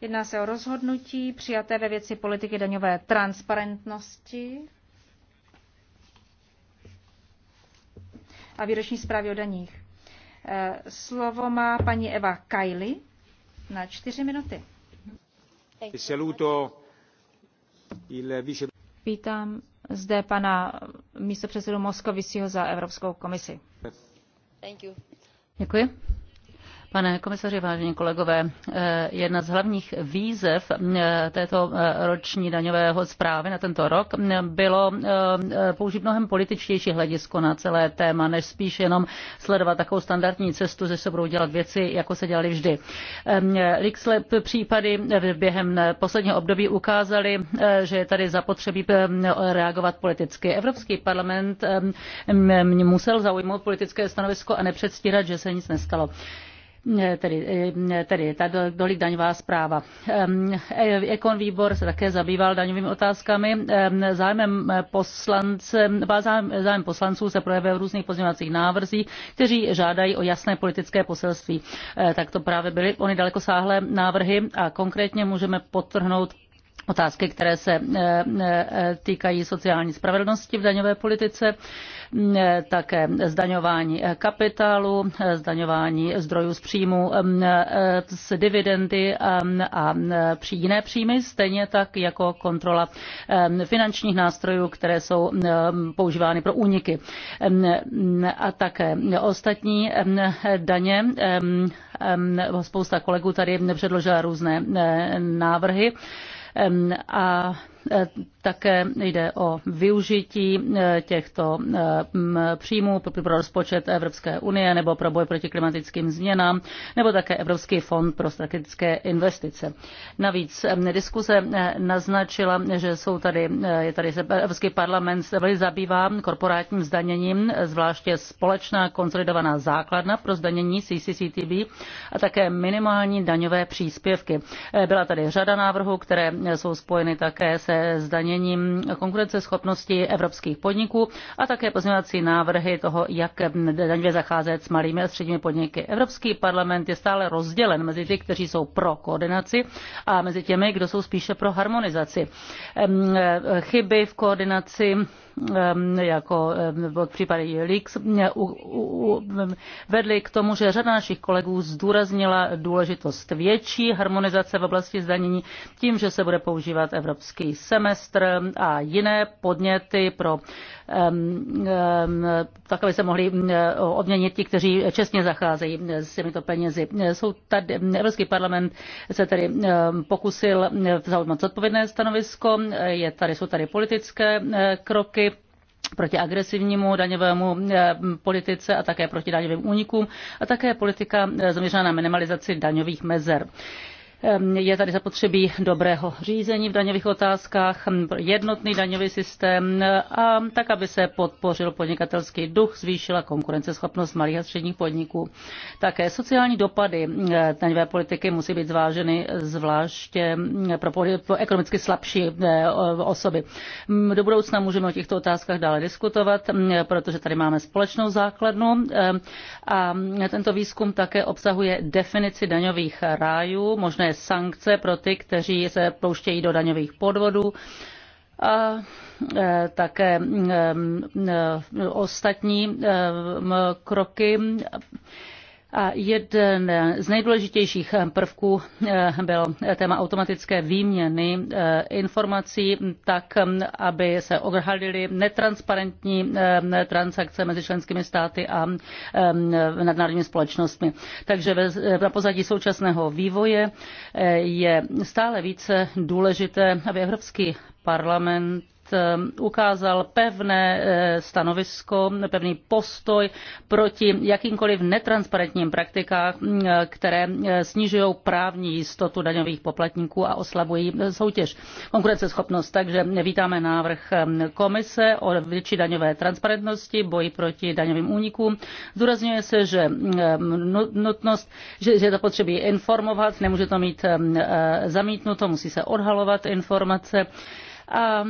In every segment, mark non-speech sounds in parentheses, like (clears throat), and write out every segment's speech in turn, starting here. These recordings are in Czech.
Jedná se o rozhodnutí přijaté ve věci politiky daňové transparentnosti a výroční zprávy o daních. Eh, slovo má paní Eva Kajli na čtyři minuty. Vítám zde pana místopředsedu Moskovisího za Evropskou komisi. Děkuji. Pane komisaři, vážení kolegové, eh, jedna z hlavních výzev eh, této eh, roční daňového zprávy na tento rok bylo použít mnohem političtější hledisko na celé téma, než spíš jenom sledovat takovou standardní cestu, že se budou dělat věci, jako se dělali vždy. Lixlep případy během posledního období ukázaly, že je tady zapotřebí reagovat politicky. Evropský parlament musel zaujmout politické stanovisko a nepředstírat, že se nic nestalo tedy, tedy ta dolik daňová zpráva. Ekon výbor se také zabýval daňovými otázkami. Zájmem, poslance, zájem, zájem poslanců se projevuje v různých pozměňovacích návrzích, kteří žádají o jasné politické poselství. E, tak to právě byly ony dalekosáhlé návrhy a konkrétně můžeme podtrhnout otázky, které se eh, eh, týkají sociální spravedlnosti v daňové politice, mm, eh, také zdaňování kapitálu, zdaňování zdrojů z příjmu mm, z dividendy mm, a jiné příjmy, stejně tak jako kontrola finančních nástrojů, které jsou používány pro úniky. A také ostatní daně. Spousta kolegů tady předložila různé návrhy a Eh, také jde o využití eh, těchto eh, příjmů pro rozpočet Evropské unie nebo pro boj proti klimatickým změnám, nebo také Evropský fond pro strategické investice. Navíc diskuze naznačila, že jsou tady, je tady Evropský parlament se velmi zabývá korporátním zdaněním, zvláště společná konsolidovaná základna pro zdanění CCCTB a také minimální daňové příspěvky. Byla tady řada návrhů, které jsou spojeny také se zdaněním konkurenceschopnosti evropských podniků a také pozměňovací návrhy toho, jak daňově zacházet s malými a středními podniky. Evropský parlament je stále rozdělen mezi ty, kteří jsou pro koordinaci a mezi těmi, kdo jsou spíše pro harmonizaci. Ehm, e, chyby v koordinaci jako v případě Leaks, vedly k tomu, že řada našich kolegů zdůraznila důležitost větší harmonizace v oblasti zdanění tím, že se bude používat evropský semestr a jiné podněty pro tak, aby se mohli odměnit ti, kteří čestně zacházejí s těmito penězi. Jsou tady, Evropský parlament se tedy pokusil zaujmout zodpovědné stanovisko, je tady, jsou tady politické eh, kroky, proti agresivnímu daňovému eh, politice a také proti daňovým únikům a také politika eh, zaměřená na minimalizaci daňových mezer. Je tady zapotřebí dobrého řízení v daňových otázkách, jednotný daňový systém a tak, aby se podpořil podnikatelský duch, zvýšila konkurenceschopnost malých a středních podniků. Také sociální dopady eh, daňové politiky musí být zváženy zvláště eh, pro ekonomicky slabší eh, osoby. Mm, do budoucna můžeme o těchto otázkách dále diskutovat, mm, protože tady máme společnou základnu a tento výzkum také obsahuje definici daňových rájů, možné sankce pro ty, kteří se pouštějí do daňových podvodů a e, také e, e, ostatní kroky a jeden z nejdůležitějších prvků eh, byl téma automatické výměny eh, informací tak, eh, aby se odhalily netransparentní transakce mezi členskými státy a nadnárodními společnostmi. Takže na pozadí současného vývoje je stále více důležité, aby Evropský parlament Eh, ukázal pevné eh, stanovisko, pevný postoj proti jakýmkoliv netransparentním praktikám, mm, které eh, snižují právní jistotu daňových poplatníků a oslabují soutěž konkurenceschopnost. Takže vítáme návrh komise o větší daňové transparentnosti, boji proti daňovým únikům. Zdůrazňuje se, že mm, no, nutnost, že, že potřeba informovat, nemůže to mít zamítnuto, musí se odhalovat informace. A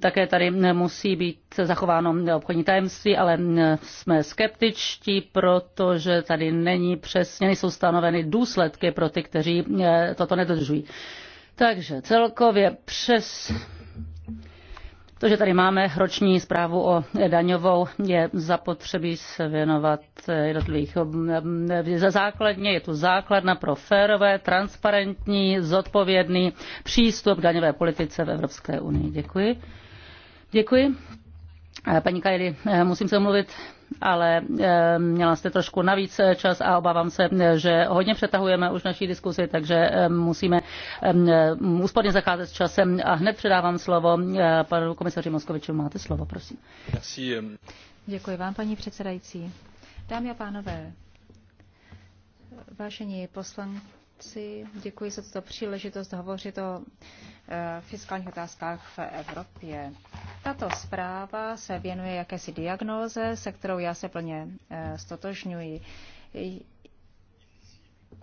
také tady musí být zachováno obchodní tajemství, ale jsme skeptičtí, protože tady není přesně, nejsou stanoveny důsledky pro ty, kteří e, toto nedodržují. Takže celkově přes to, že tady máme roční zprávu o daňovou, je zapotřebí se věnovat eh, jednotlivých eh, eh, základně. Je tu základna pro férové, transparentní, zodpovědný přístup k daňové politice v Evropské unii. Děkuji. Děkuji. Paní Kajdy, musím se omluvit ale eh, měla jste trošku navíc čas a obávám se, že hodně přetahujeme už naší diskusi, takže eh, musíme eh, úsporně zacházet s časem a hned předávám slovo panu komisaři Moskoviču. Máte slovo, prosím. Děkuji vám, paní předsedající. Dámy a pánové, vážení poslanci, předsedající. Děkuji za tuto příležitost hovořit o eh, fiskálních otázkách v Evropě. Tato zpráva se věnuje jakési diagnóze, se kterou já se plně eh, stotožňuji.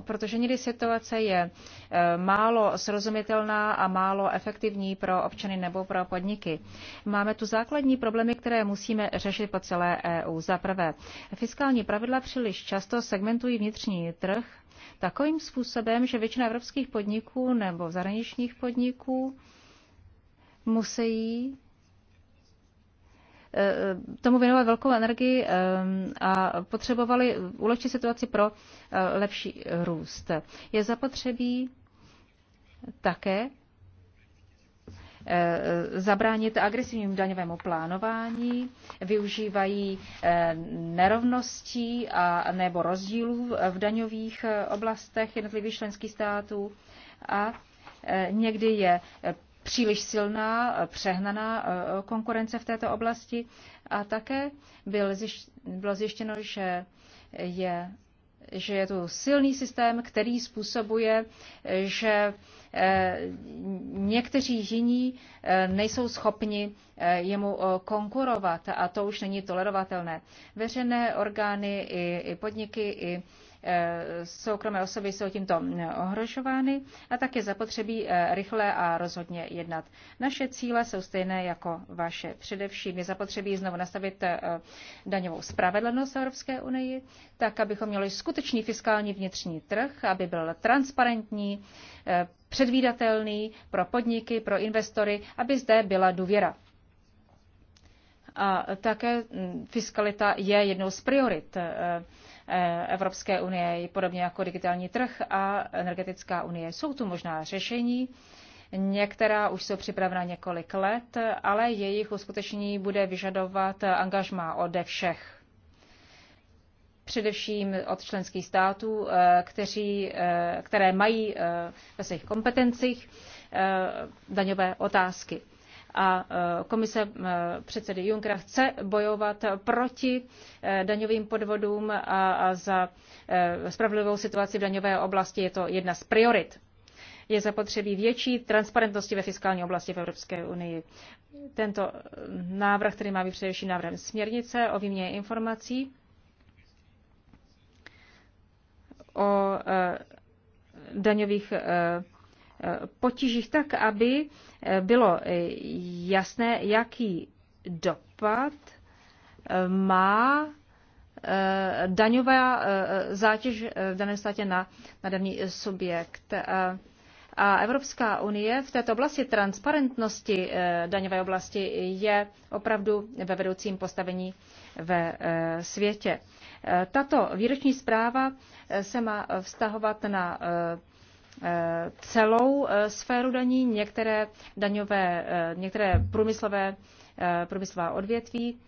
Protože někdy situace je eh, málo srozumitelná a málo efektivní pro občany nebo pro podniky. Máme tu základní problémy, které musíme řešit po celé EU. Za prvé, fiskální pravidla příliš často segmentují vnitřní trh takovým způsobem, že většina evropských podniků nebo zahraničních podniků musí eh, eh, tomu věnovat velkou energii eh, a potřebovali ulehčit situaci pro lepší růst. Je zapotřebí také Eh, zabránit agresivnímu daňovému plánování, využívají eh, nerovností a nebo rozdílů v daňových eh, oblastech jednotlivých členských států a někdy je příliš silná, přehnaná konkurence v této oblasti a také bylo zjištěno, že je že je to silný systém, který způsobuje, že Eh, někteří jiní eh, nejsou schopni eh, jemu konkurovat a to už není tolerovatelné. Veřejné orgány i, podniky i Eh, soukromé osoby jsou tímto ohrožovány a tak je zapotřebí eh, rychle a rozhodně jednat. Naše cíle jsou stejné jako vaše. Především je zapotřebí znovu nastavit eh, daňovou spravedlnost Evropské unii, tak abychom měli skutečný fiskální vnitřní trh, aby byl transparentní, předvídatelný pro podniky, pro investory, aby zde byla důvěra. A také mm, fiskalita je jednou z priorit Eh, Evropské unie, podobně jako digitální trh a energetická unie. Jsou tu možná řešení, Některá už jsou připravena několik let, ale jejich uskutečnění bude vyžadovat angažmá ode všech. Především od členských států, eh, kteří, eh, které mají ve svých kompetencích daňové otázky a e, komise e, předsedy Junckera chce bojovat proti e, daňovým podvodům a za spravedlivou situaci v daňové oblasti. Je to jedna z priorit je zapotřebí větší transparentnosti ve fiskální oblasti v Evropské unii. Tento návrh, který má být především návrhem směrnice o výměně informací, o daňových potížích tak, aby eh, bylo eh, jasné, jaký dopad eh, má daňová zátěž v daném státě na, na daný subjekt. A Evropská unie v této oblasti transparentnosti daňové oblasti je opravdu ve vedoucím postavení ve světě. Tato výroční zpráva se má vztahovat na Eh, celou eh, sféru daní, některé daňové, eh, některé průmyslové, průmyslová odvětví,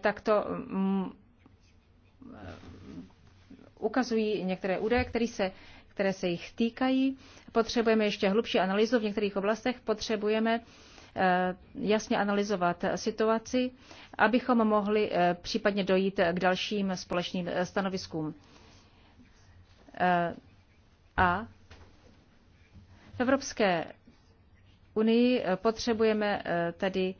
tak to mm, ukazují některé údaje, které se, které se jich týkají. Potřebujeme ještě hlubší analýzu v některých oblastech, potřebujeme jasně analyzovat situaci, abychom mohli případně dojít k dalším společným stanoviskům. A Evropské unii eh, potřebujeme eh, tedy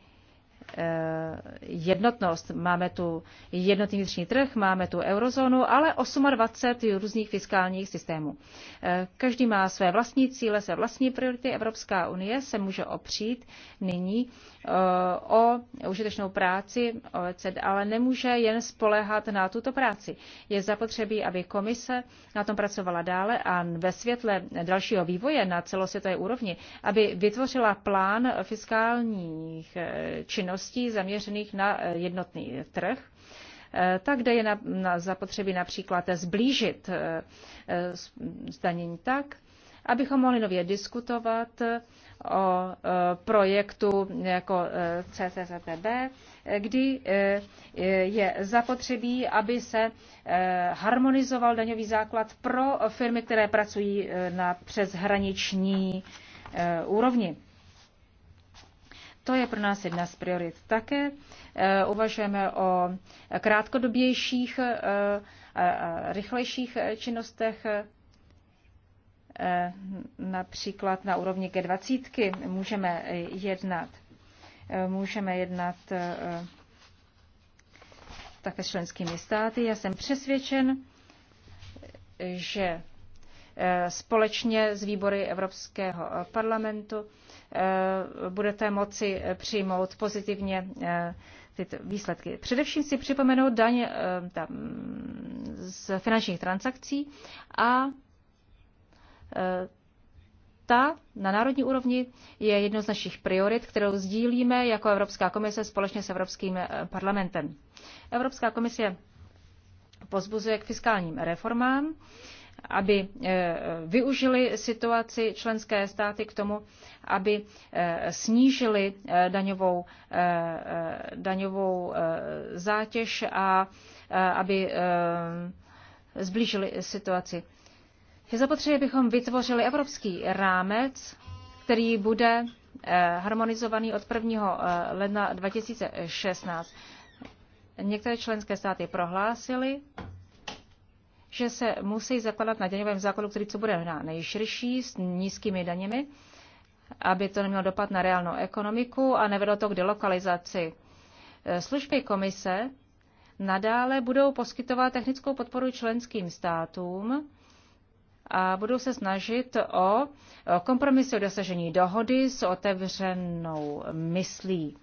eh, jednotnost. Máme tu jednotný vnitřní trh, máme tu eurozónu, ale 28 různých fiskálních systémů. Každý má své vlastní cíle, své vlastní priority. Evropská unie se může opřít nyní Eh, o užitečnou práci OECD, ale nemůže jen spolehat na tuto práci. Je zapotřebí, aby komise na tom pracovala dále a ve světle dalšího vývoje na celosvětové úrovni, aby vytvořila plán fiskálních eh, činností zaměřených na eh, jednotný trh, tak kde je na, na zapotřebí například zblížit zdanění tak, abychom mohli nově diskutovat o e, projektu jako e, CCZTB, kdy e, je zapotřebí, aby se harmonizoval daňový základ pro firmy, které pracují na přeshraniční úrovni. To je pro nás jedna z priorit. Také uvažujeme o krátkodobějších, rychlejších činnostech Eh, například na úrovni G20 můžeme jednat. Eh, můžeme jednat eh, také s členskými státy. Já jsem přesvědčen, že společně s výbory Evropského parlamentu budete moci přijmout pozitivně tyto výsledky. Především si připomenout daň z finančních transakcí a ta na národní úrovni je jedno z našich priorit, kterou sdílíme jako Evropská komise společně s Evropským eh, parlamentem. Evropská komise pozbuzuje k fiskálním reformám, aby eh, využili situaci členské státy k tomu, aby eh, snížili daňovou, daňovou zátěž a aby zblížili situaci je zapotřebí, abychom vytvořili evropský rámec, který bude eh, harmonizovaný od 1. Eh, ledna 2016. Některé členské státy prohlásily, že se musí zakladat na daňovém základu, který co bude na nejširší, s nízkými daněmi, aby to nemělo dopad na reálnou ekonomiku a nevedlo to k delokalizaci. Eh, služby komise nadále budou poskytovat technickou podporu členským státům, a budou se snažit o kompromisy o dosažení dohody s otevřenou myslí.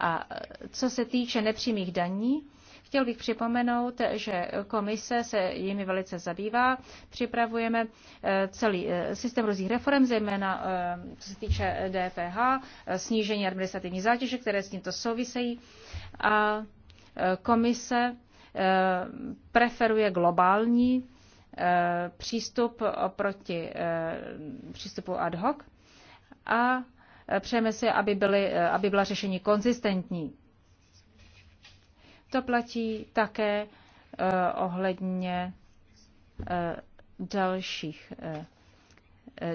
A co se týče nepřímých daní, chtěl bych připomenout, že komise se jimi velice zabývá. Připravujeme e, celý e, systém různých reform, zejména e, co se týče DPH, snížení administrativní zátěže, které s tímto souvisejí. A komise preferuje globální Eh, přístup proti eh, přístupu ad hoc a eh, přejeme si, aby, byly, aby byla řešení konzistentní. To platí také ohledně dalších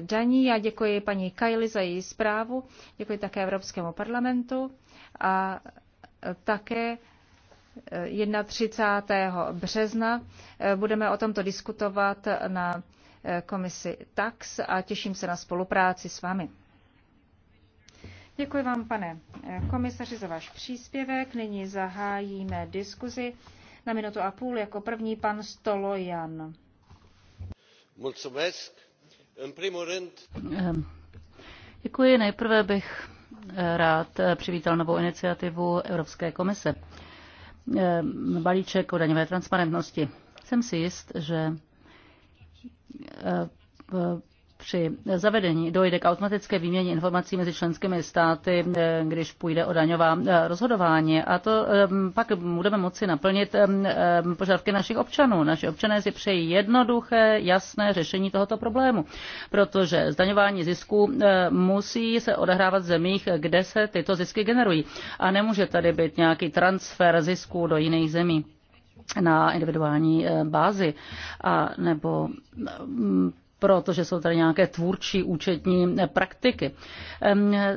daní. Já děkuji paní Kajli za její zprávu, děkuji také Evropskému parlamentu a také 31. března eh, budeme o tomto diskutovat na eh, komisi TAX a těším se na spolupráci s vámi. Děkuji vám, pane eh, komisaři, za váš příspěvek. Nyní zahájíme diskuzi na minutu a půl. Jako první pan Stolojan. Ehm, děkuji. Nejprve bych rád přivítal novou iniciativu Evropské komise Eh, balíček o daňové transparentnosti. Jsem si jist, že eh, při zavedení dojde k automatické výměně informací mezi členskými státy, eh, když půjde o daňová eh, rozhodování. A to eh, pak budeme moci naplnit požadavky našich občanů. Naši občané si přejí jednoduché, jasné řešení tohoto problému, protože zdaňování zisků musí se odehrávat v zemích, kde se tyto zisky generují. A nemůže tady být nějaký transfer zisků do jiných zemí na individuální bázi, a nebo protože jsou tady nějaké tvůrčí účetní praktiky.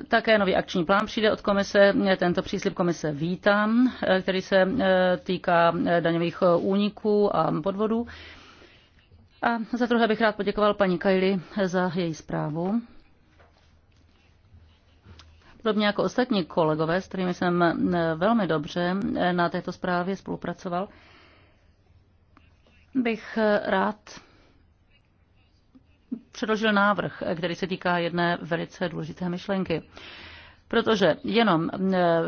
Také nový akční plán přijde od komise. Tento příslip komise vítám, eh, který se eh, týká eh, daňových úniků a podvodů. A za druhé bych rád poděkoval paní Kajli za její zprávu. Podobně jako ostatní kolegové, s kterými jsem velmi dobře na této zprávě spolupracoval, bych rád předložil návrh, který se týká jedné velice důležité myšlenky. Protože jenom e,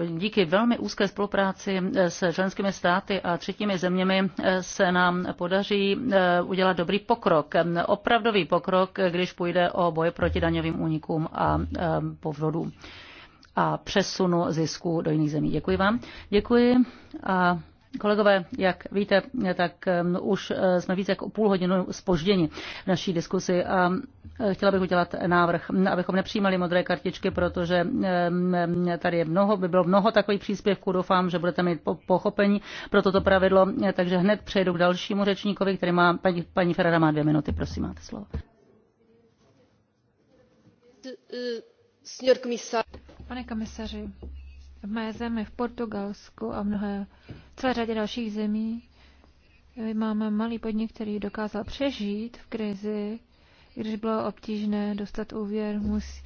díky velmi úzké spolupráci e, se členskými státy a třetími zeměmi e, se nám podaří udělat dobrý pokrok, opravdový pokrok, když půjde o boje proti daňovým únikům a povrodu a přesunu zisku do jiných zemí. Děkuji vám. Děkuji a Kolegové, jak víte, tak um, už eh, jsme více jak o půl hodinu spožděni v naší diskusi a eh, chtěla bych udělat návrh, abychom nepřijímali modré kartičky, protože tady je mnoho, by bylo mnoho takových příspěvků, doufám, že budete mít pochopení pro toto pravidlo, eh, takže hned přejdu k dalšímu řečníkovi, který má, paní, paní Ferrara má dvě minuty, prosím, máte slovo. Pane komisaři, v mé zemi, v Portugalsku a mnohé, celé řadě dalších zemí eh, máme malý podnik, který dokázal přežít v krizi, když bylo obtížné dostat úvěr, mus,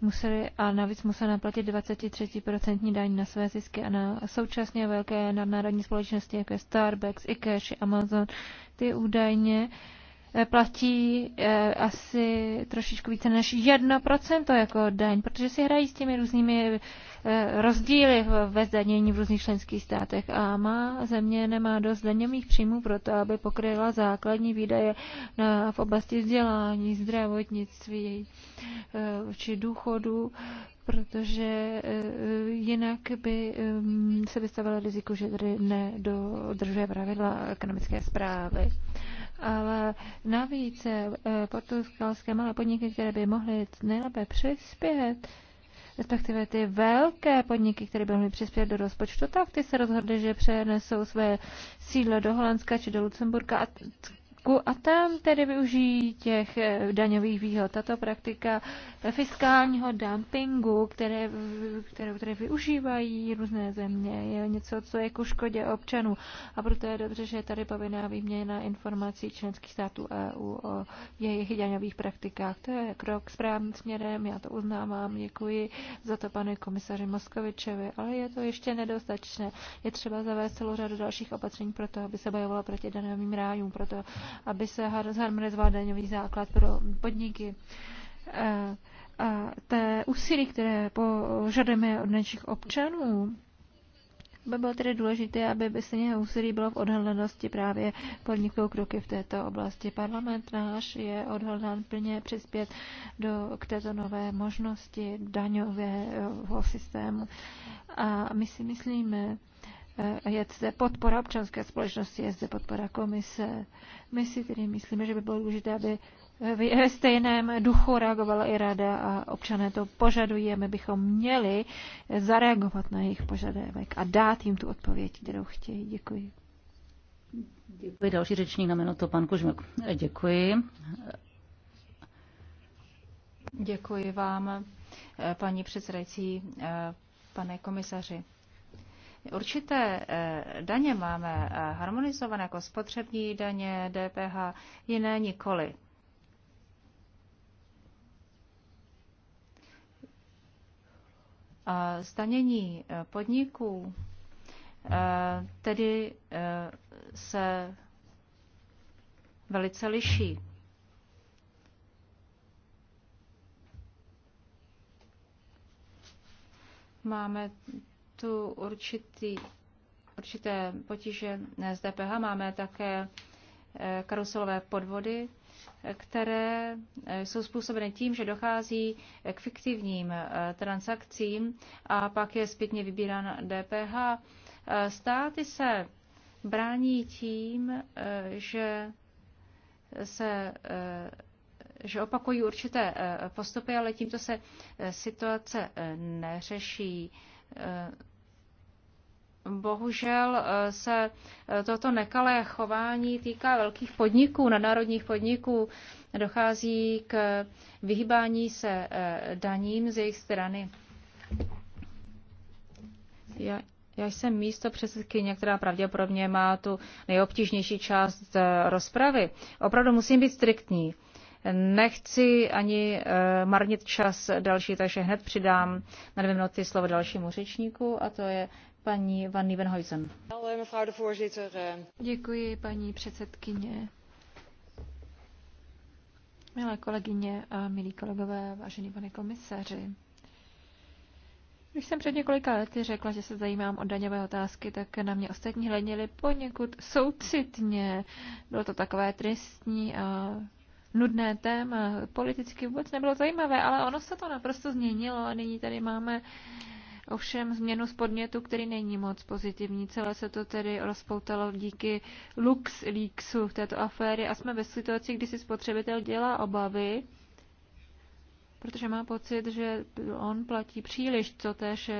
museli a navíc museli naplatit 23% daň na své zisky a na současně velké nadnárodní společnosti, jako je Starbucks, Ikesh, Amazon, ty údajně uh, Eh, platí eh, asi trošičku více než 1% jako daň, protože si hrají s těmi různými eh, rozdíly ve zdanění v různých členských státech a má země nemá dost daňových příjmů pro to, aby pokryla základní výdaje na, v oblasti vzdělání, zdravotnictví či důchodu, protože jinak by mm, se vystavila riziku, že tady nedodržuje pravidla ekonomické zprávy ale navíc eh, portugalské malé podniky, které by mohly nejlépe přispět, respektive ty velké podniky, které by mohly přispět do rozpočtu, tak ty se rozhodly, že přenesou své sídlo do Holandska či do Lucemburka a Řecku a tam tedy využijí těch eh, daňových výhod. Tato praktika eh, fiskálního dumpingu, které, které, které využívají různé země, je něco, co je ku škodě občanů. A proto je dobře, že je tady povinná výměna informací členských států EU o jejich daňových praktikách. To je krok správným směrem, já to uznávám, děkuji za to panu komisaři Moskovičevi, ale je to ještě nedostatečné. Je třeba zavést celou řadu dalších opatření pro to, aby se bojovala proti daňovým rájům, proto aby se zharmonizoval daňový základ pro podniky. Eh, a té úsilí, které požadujeme od našich občanů, by bylo tedy důležité, aby by stejně úsilí bylo v odhodlanosti právě podniknout kroky v této oblasti. Parlament náš je odhodlán plně přispět do, k této nové možnosti daňového systému. A my si myslíme, Eh, je zde podpora občanské společnosti, je zde podpora komise. My si tedy myslíme, že by bylo důležité, aby ve stejném duchu reagovala i rada a občané to požadují a my bychom měli zareagovat na jejich požadavek a dát jim tu odpověď, kterou chtějí. Děkuji. Děkuji. Další řečník na minutu, pan Kužmuk. Eh, děkuji. Děkuji vám, eh, paní předsedající, pane komisaři. Určité eh, daně máme eh, harmonizované jako spotřební daně, DPH, jiné nikoli. Stanění eh, podniků tedy se velice liší. Máme tu určitý, určité potíže s DPH. Máme také eh, karuselové podvody, eh, které eh, jsou způsobeny tím, že dochází k fiktivním transakcím a pak je zpětně vybírána DPH. Státy se brání tím, že se že opakují určité postupy, ale tímto se situace neřeší. Eh, bohužel eh, se eh, toto nekalé chování týká velkých podniků, nadnárodních podniků. Dochází k vyhýbání se daním z jejich strany. Já, já jsem místo předsedkyně, která pravděpodobně má tu nejobtížnější část rozpravy. Opravdu musím být striktní. Nechci ani eh, marnit čas další, takže hned přidám na dvě minuty slovo dalšímu řečníku a to je paní Van Nievenhuizen. Děkuji, paní předsedkyně. Milé kolegyně a milí kolegové, vážený pane komisaři. Když jsem před několika lety řekla, že se zajímám o daňové otázky, tak na mě ostatní hleděli poněkud soucitně. Bylo to takové tristní a nudné téma, politicky vůbec nebylo zajímavé, ale ono se to naprosto změnilo a nyní tady máme ovšem změnu z podnětu, který není moc pozitivní. Celé se to tedy rozpoutalo díky LuxLeaksu této aféry a jsme ve situaci, kdy si spotřebitel dělá obavy, protože má pocit, že on platí příliš, co též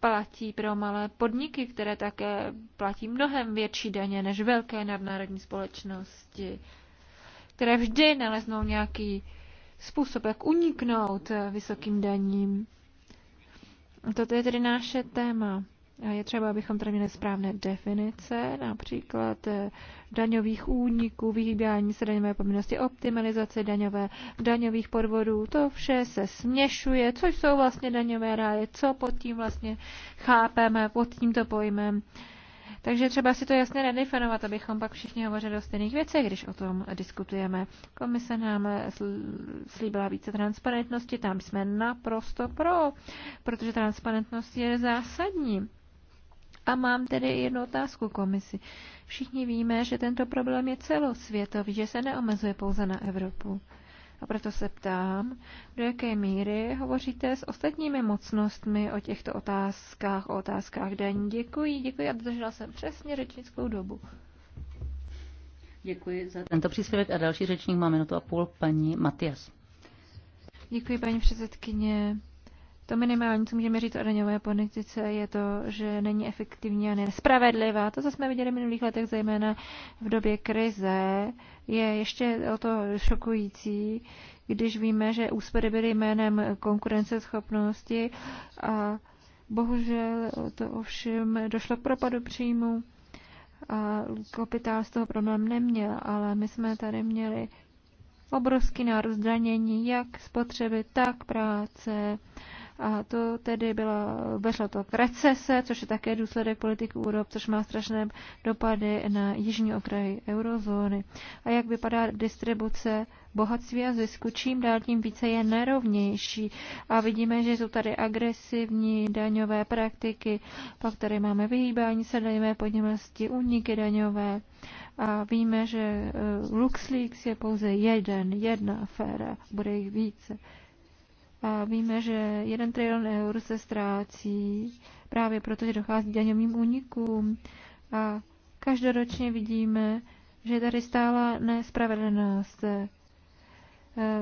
platí pro malé podniky, které také platí mnohem větší daně než velké nadnárodní společnosti které vždy naleznou nějaký způsob, jak uniknout eh, vysokým daním. Toto je tedy naše téma. Je třeba, abychom tady měli správné definice, například eh, daňových úniků, vyhýbání se daňové povinnosti, optimalizace daňové, daňových podvodů. To vše se směšuje, což jsou vlastně daňové ráje, co pod tím vlastně chápeme, pod tímto pojmem. Uh, takže třeba si to jasně nedefinovat, abychom pak všichni hovořili o stejných věcech, když o tom diskutujeme. Komise nám slíbila více transparentnosti, tam jsme naprosto pro, protože transparentnost je zásadní. A mám tedy jednu otázku komisi. Všichni víme, že tento problém je celosvětový, že se neomezuje pouze na Evropu. A proto se ptám, do jaké míry hovoříte s ostatními mocnostmi o těchto otázkách, o otázkách daní. Děkuji, děkuji a dodržela jsem přesně řečnickou dobu. Děkuji za tento příspěvek a další řečník má minutu a půl, paní Matias. Děkuji, paní předsedkyně. To minimální, co můžeme říct o daňové politice, je to, že není efektivní a nespravedlivá. To, co jsme viděli v minulých letech, zejména v době krize, je ještě o to šokující, když víme, že úspory byly jménem konkurenceschopnosti a bohužel to ovšem došlo k propadu příjmu a kapitál z toho problém neměl, ale my jsme tady měli obrovský nárůst jak spotřeby, tak práce a to tedy bylo, vešlo to k recese, což je také důsledek politiky úrob, což má strašné dopady na jižní okraji eurozóny. A jak vypadá distribuce bohatství a zisku, čím dál tím více je nerovnější. A vidíme, že jsou tady agresivní daňové praktiky, pak tady máme vyhýbání se daňové podněmosti, úniky daňové. A víme, že eh, LuxLeaks je pouze jeden, jedna aféra, bude jich více. A víme, že jeden trilion eur se ztrácí právě proto, že dochází k daňovým únikům. A každoročně vidíme, že tady stála nespravedlnost.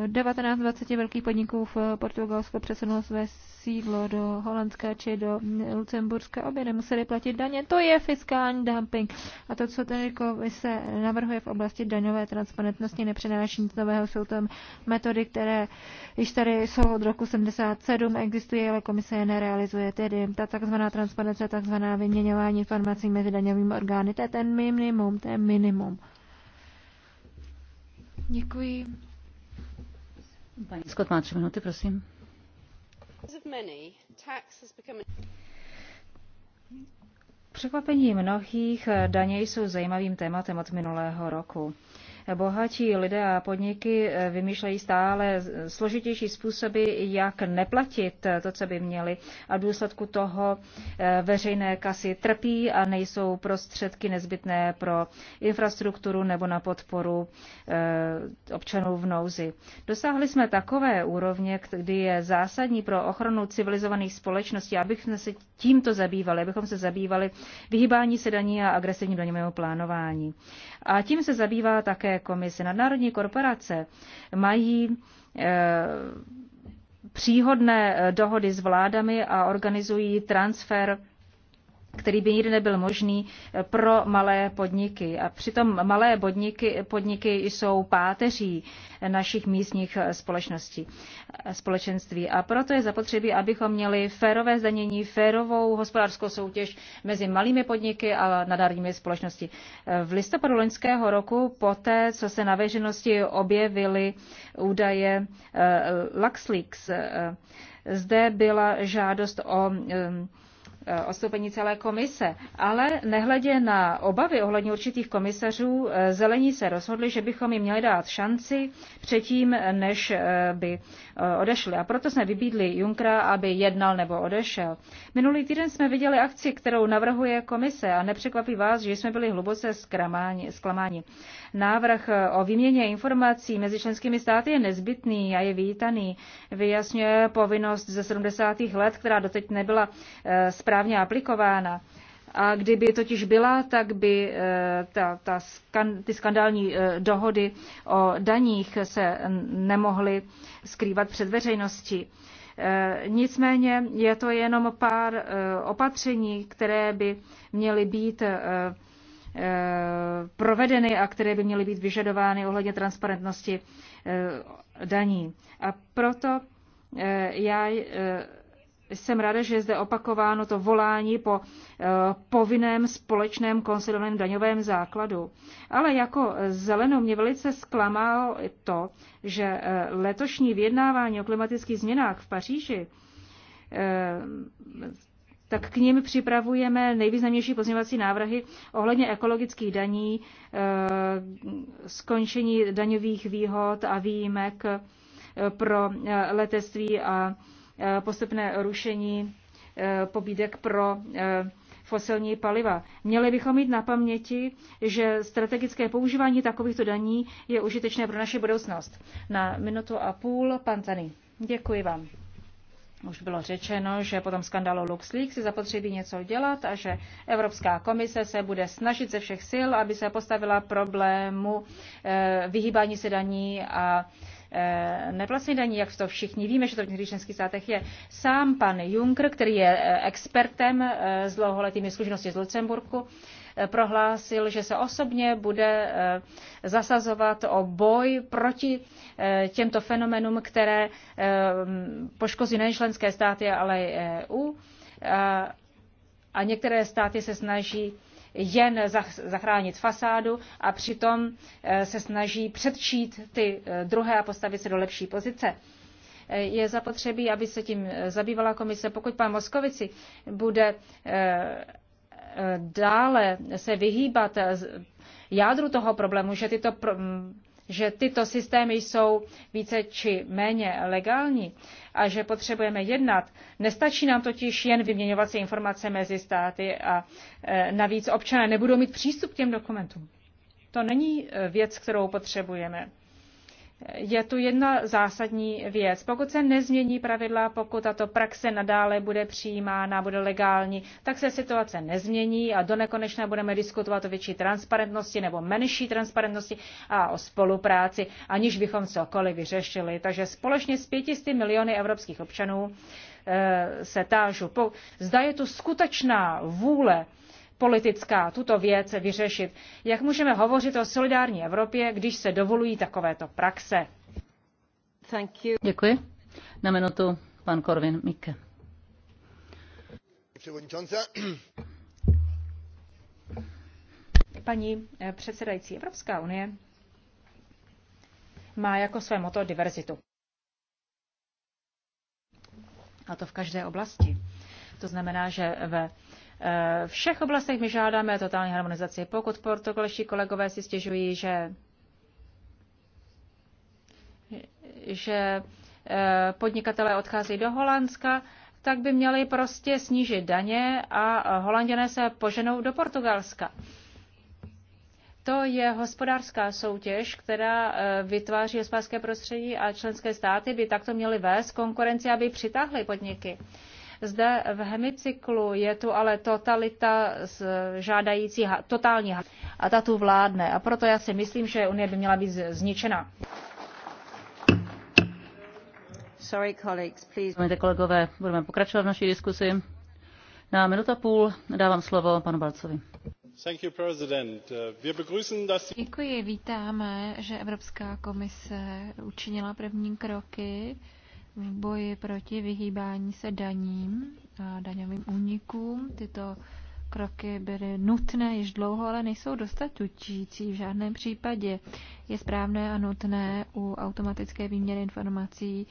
19 20 velkých podniků v Portugalsku přesunulo své sídlo do Holandska či do Lucemburska, Obě nemuseli platit daně. To je fiskální dumping. A to, co tady se navrhuje v oblasti daňové transparentnosti, nepřináší nic nového. Jsou tam metody, které již tady jsou od roku 77, existuje, ale komise je nerealizuje. Tedy ta takzvaná transparence, takzvaná vyměňování informací mezi daňovými orgány, to je ten minimum, to je minimum. Děkuji. Paní Scott má mnohých eh, daně jsou zajímavým tématem od minulého roku. Bohatí lidé a podniky eh, vymýšlejí stále složitější způsoby, jak neplatit eh, to, co by měli. A v důsledku toho eh, veřejné kasy trpí a nejsou prostředky nezbytné pro infrastrukturu nebo na podporu občanů v nouzi. Dosáhli jsme takové úrovně, kdy je zásadní pro ochranu civilizovaných společností, abychom se tímto zabývali, abychom se zabývali vyhýbání se daní a agresivní daňovému plánování. A tím se zabývá také Evropské komisi. Nadnárodní korporace mají eh, příhodné eh, dohody s vládami a organizují transfer který by nikdy nebyl možný eh, pro malé podniky. A přitom malé podniky, podniky jsou páteří eh, našich místních eh, společností, společenství. A proto je zapotřebí, abychom měli férové zdanění, férovou hospodářskou soutěž mezi malými podniky a nadárními společnosti. V listopadu loňského roku, poté, co se na veřejnosti objevily údaje LuxLeaks, zde byla žádost o Eh, odstoupení celé komise. Ale nehledě na obavy ohledně určitých komisařů, eh, zelení se rozhodli, že bychom jim měli dát šanci předtím, než eh, by odešli. A proto jsme vybídli Junkra, aby jednal nebo odešel. Minulý týden jsme viděli akci, kterou navrhuje komise a nepřekvapí vás, že jsme byli hluboce zklamáni. Návrh o výměně informací mezi členskými státy je nezbytný a je vítaný. Vyjasňuje povinnost ze 70. let, která doteď nebyla správná správně aplikována. A kdyby totiž byla, tak by eh, ta, ta skan, ty skandální eh, dohody o daních se nemohly skrývat před veřejností. Eh, nicméně je to jenom pár opatření, které by měly být provedeny a které by měly být vyžadovány ohledně transparentnosti daní. A proto já jsem ráda, že je zde opakováno to volání po eh, povinném společném konsolidovaném daňovém základu. Ale jako zelenou mě velice zklamal to, že eh, letošní vyjednávání o klimatických změnách v Paříži eh, tak k ním připravujeme nejvýznamnější pozměňovací návrhy ohledně ekologických daní, skončení daňových výhod a výjimek pro letectví a Eh, postupné rušení eh, pobídek pro eh, fosilní paliva. Měli bychom mít na paměti, že strategické používání takovýchto daní je užitečné pro naši budoucnost. Na minutu a půl, pan Tany. Děkuji vám. Už bylo řečeno, že po tom skandalu LuxLeaks si zapotřebí něco dělat a že Evropská komise se bude snažit ze všech sil, aby se postavila problému vyhýbání se daní a Eh, nevlastní daní, jak to všichni víme, že to v některých členských státech je. Sám pan Juncker, který je eh, expertem s eh, dlouholetými zkušenosti z Lucemburku, prohlásil, že se osobně bude zasazovat o boj proti těmto fenomenům, které poškozují nejen členské státy, ale i EU. A některé státy se snaží jen zachránit fasádu a přitom eh, se snaží předčít ty eh, druhé a postavit se do lepší pozice. Eh, je zapotřebí, aby se tím zabývala komise. Pokud pan Moskovici bude dále se vyhýbat jádru toho problému, že tyto že tyto systémy jsou více či méně legální a že potřebujeme jednat. Nestačí nám totiž jen vyměňovat se informace mezi státy a e, navíc občané nebudou mít přístup k těm dokumentům. To není e, věc, kterou potřebujeme je tu jedna zásadní věc. Pokud se nezmění pravidla, pokud tato praxe nadále bude přijímána, bude legální, tak se situace nezmění a do nekonečna budeme diskutovat o větší transparentnosti nebo menší transparentnosti a o spolupráci, aniž bychom cokoliv vyřešili. Takže společně s 500 miliony evropských občanů eh, se tážu, zda je tu skutečná vůle politická tuto věc vyřešit. Jak můžeme hovořit o solidární Evropě, když se dovolují takovéto praxe? Thank you. Děkuji. Na minutu pan Korvin Mikke. Paní eh, předsedající, Evropská unie má jako své moto diverzitu. A to v každé oblasti. To znamená, že ve všech oblastech my žádáme totální harmonizaci. Pokud protokolští kolegové si stěžují, že, že eh, podnikatelé odchází do Holandska, tak by měli prostě snížit daně a holanděné se poženou do Portugalska. To je hospodářská soutěž, která eh, vytváří hospodářské prostředí a členské státy by takto měly vést konkurenci, aby přitáhly podniky. Zde v hemicyklu je tu ale totalita žádající totální a ta tu vládne. A proto já si myslím, že Unie by měla být zničena. Sorry, colleagues, please. Mějte, kolegové, budeme pokračovat v naší diskusi. Na minutu a půl dávám slovo panu Balcovi. Děkuji, vítáme, že Evropská komise učinila první kroky v boji proti vyhýbání se daním a daňovým únikům. Tyto kroky byly nutné již dlouho, ale nejsou dostatující v žádném případě. Je správné a nutné u automatické výměny informací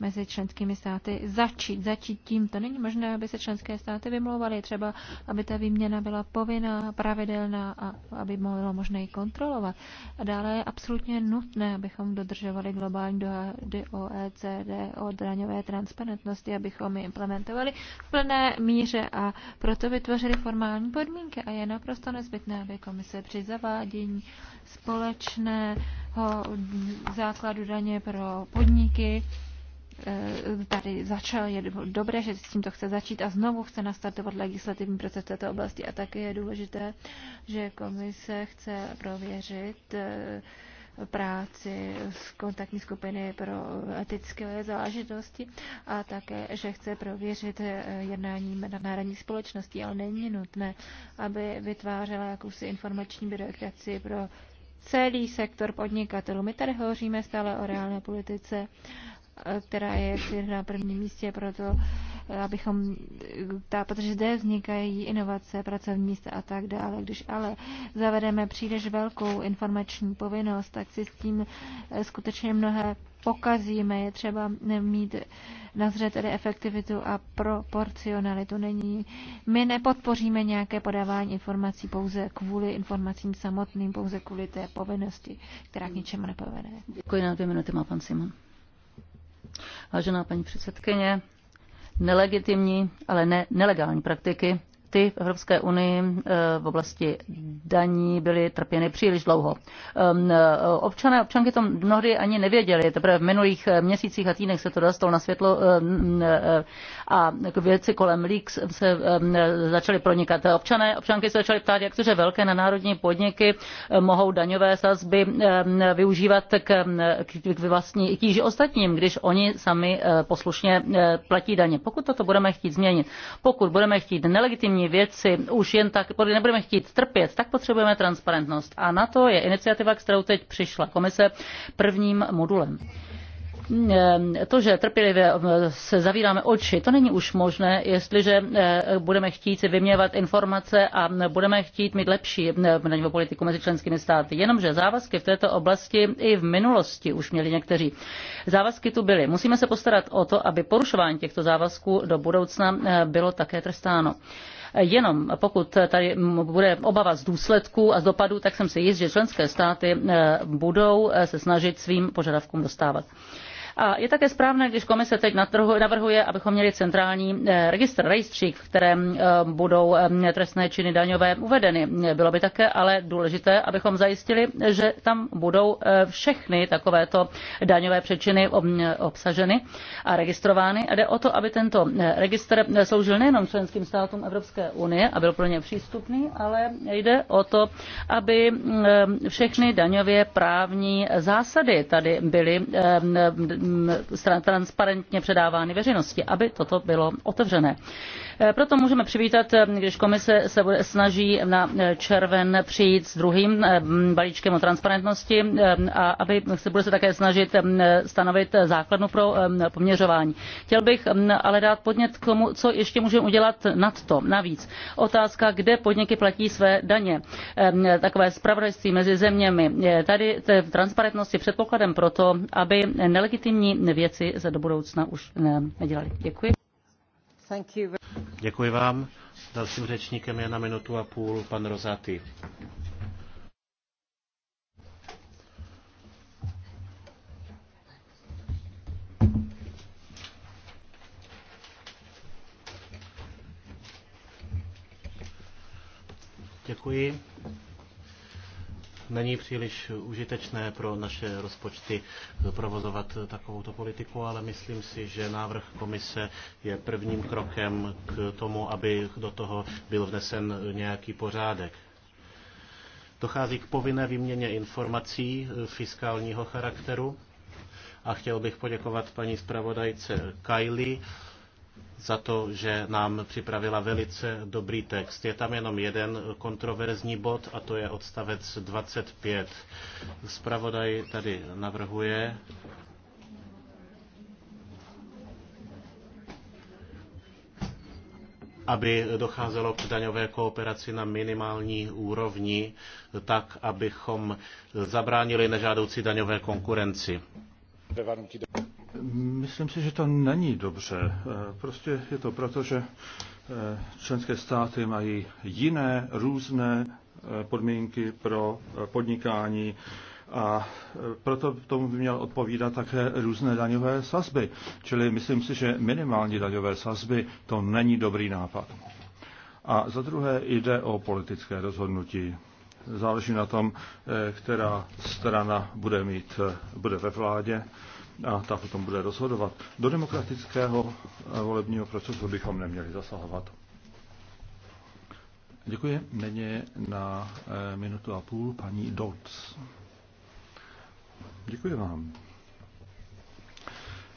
mezi členskými státy začít. Začít tím. To není možné, aby se členské státy vymlouvaly. Třeba, aby ta výměna byla povinná, pravidelná a aby bylo možné ji kontrolovat. A dále je absolutně nutné, abychom dodržovali globální dohody OECD o daňové transparentnosti, abychom ji implementovali v plné míře a proto vytvořili formální podmínky a je naprosto nezbytné, aby komise při zavádění společného základu daně pro podniky Eh, tady začal, je dobré, že s tímto chce začít a znovu chce nastartovat legislativní proces v této oblasti. A také je důležité, že komise chce prověřit eh, práci z kontaktní skupiny pro etické záležitosti a také, že chce prověřit eh, jednání nadnárodní společnosti, ale není nutné, aby vytvářela jakousi informační byrokraci pro celý sektor podnikatelů. My tady hovoříme stále o reálné politice která je na prvním místě, proto abychom, ta, protože zde vznikají inovace, pracovní místa a tak dále. Když ale zavedeme příliš velkou informační povinnost, tak si s tím eh, skutečně mnohé pokazíme. Je třeba mít na tedy efektivitu a proporcionalitu. Není. My nepodpoříme nějaké podávání informací pouze kvůli informacím samotným, pouze kvůli té povinnosti, která k ničemu nepovede. Děkuji na dvě minuty, má pan Simon. Vážená paní předsedkyně, nelegitimní, ale ne nelegální praktiky ty v Evropské unii eh, v oblasti daní byly trpěny příliš dlouho. Ehm, eh, občané občanky to mnohdy ani nevěděli, teprve v minulých eh, měsících a týdnech se to dostalo na světlo ehm, mm, a jako věci kolem leaks se ehm, začaly pronikat. Občané, občanky se začaly ptát, jak to, že velké národní podniky mohou daňové sazby využívat k, k vlastní tíži ostatním, když oni sami poslušně platí daně. Pokud toto budeme chtít změnit, pokud budeme chtít nelegitimní základní věci už jen tak nebudeme chtít trpět, tak potřebujeme transparentnost. A na to je iniciativa, kterou teď přišla komise prvním modulem ehm, to, že trpělivě ehm, se zavíráme oči, to není už možné, jestliže eh, budeme chtít si vyměvat informace a budeme chtít mít lepší ehm, daňovou politiku mezi členskými státy. Jenomže závazky v této oblasti i v minulosti už měli někteří. Závazky tu byly. Musíme se postarat o to, aby porušování těchto závazků do budoucna eh, bylo také trestáno. Jenom pokud tady bude obava z důsledků a z dopadů, tak jsem si jist, že členské státy eh, budou eh, se snažit svým požadavkům dostávat. A je také správné, když komise teď navrhuje, abychom měli centrální eh, registr, rejstřík, v kterém eh, budou eh, trestné činy daňové uvedeny. Bylo by také ale důležité, abychom zajistili, že tam budou všechny takovéto daňové přečiny obsaženy a registrovány. A jde o to, aby tento registr sloužil nejenom členským státům Evropské unie a byl pro ně přístupný, ale jde o to, aby všechny daňově právní zásady tady byly transparentně předávány veřejnosti, aby toto bylo otevřené. Eh, proto můžeme přivítat, eh, když komise se bude snaží na eh, červen přijít s druhým balíčkem o transparentnosti a aby se bude se také snažit stanovit základnu pro poměřování. Chtěl bych ale dát podnět k tomu, co ještě můžeme udělat nad to. Navíc otázka, kde podniky platí své daně. Takové spravodajství mezi zeměmi. Tady v transparentnosti předpokladem pro to, aby nelegitimní věci se do budoucna už nedělali. Děkuji. Děkuji vám. Dalším řečníkem je na minutu a půl pan Rozaty. Děkuji není příliš užitečné pro naše rozpočty provozovat takovouto politiku, ale myslím si, že návrh komise je prvním krokem k tomu, aby do toho byl vnesen nějaký pořádek. Dochází k povinné výměně informací fiskálního charakteru a chtěl bych poděkovat paní zpravodajce Kylie za to, že nám připravila velice dobrý text. Je tam jenom jeden kontroverzní bod a to je odstavec 25. Spravodaj tady navrhuje, aby docházelo k daňové kooperaci na minimální úrovni, tak abychom zabránili nežádoucí daňové konkurenci. Myslím si, že to není dobře. Eh, prostě je to proto, že eh, členské státy mají jiné, různé eh, podmínky pro podnikání a proto tomu by měl odpovídat také různé daňové sazby. Čili myslím si, že minimální daňové sazby to není dobrý nápad. A za druhé jde o politické rozhodnutí. Záleží na tom, která strana bude mít, bude ve vládě a ta potom bude rozhodovat. Do demokratického eh, volebního procesu bychom neměli zasahovat. Děkuji. Nyní na eh, minutu a půl paní Dodds. Děkuji vám.